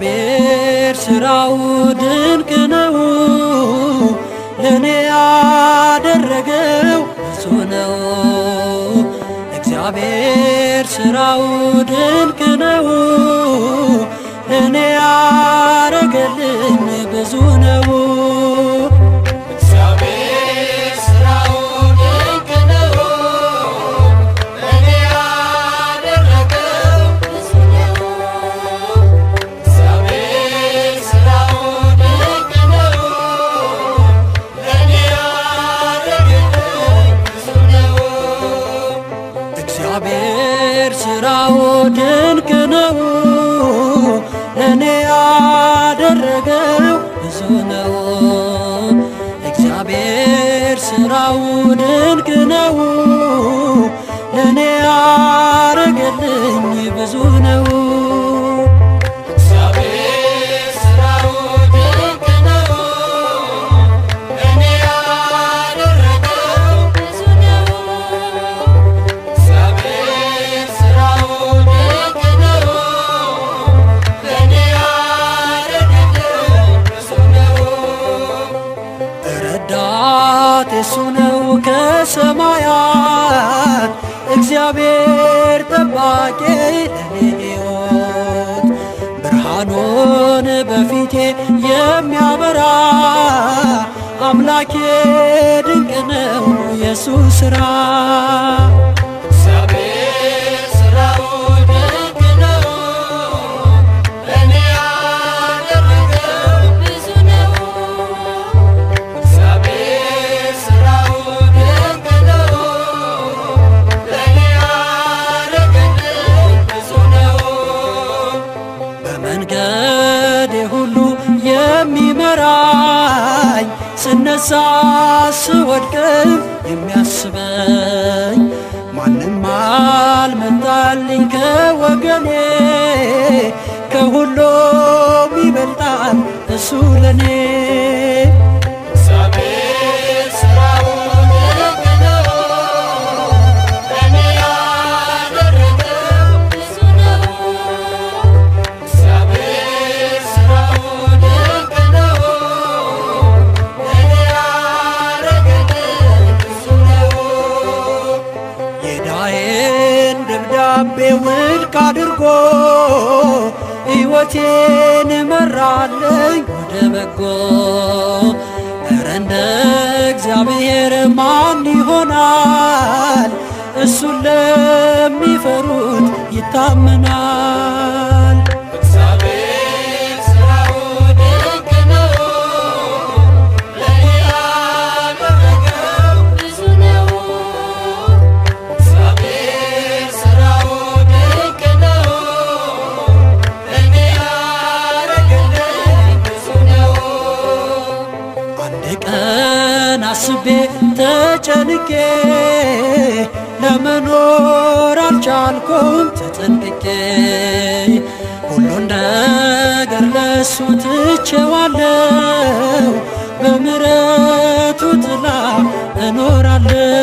እግዚአብሔር ስራው ድንቅ ነው። ለእኔ ያደረገው እሱ ነው። እግዚአብሔር ስራው ድንቅ ነው። ለእኔ ያረገልኝ ብዙ ነው። ለእኔ ያደረገው ብዙ ነው። እግዚአብሔር ስራው ድንቅ ነው። ለእኔ ያረገልኝ ብዙ ሰማያት እግዚአብሔር ጠባቂ ሕይወት ብርሃኑን በፊቴ የሚያበራ አምላኬ ድንቅ ነው የሱስ ሥራ ስነሳ ስወድቅም የሚያስበኝ ማንም አልመጣልኝ ከወገኔ ከሁሉም ይበልጣል እሱ ለኔ ፍቅርን ደብዳቤ ውድቅ አድርጎ ሕይወቴን መራለኝ ወደ በጎ። እረ እንደ እግዚአብሔር ማን ይሆናል? እሱን ለሚፈሩት ይታመናል። አንድ ቀን አስቤ ተጨንቄ ለመኖር አልቻልኩም ተጠንቅቄ ሁሉን ነገር ለሱ ትቼዋለው በምረቱ ጥላ እኖራለው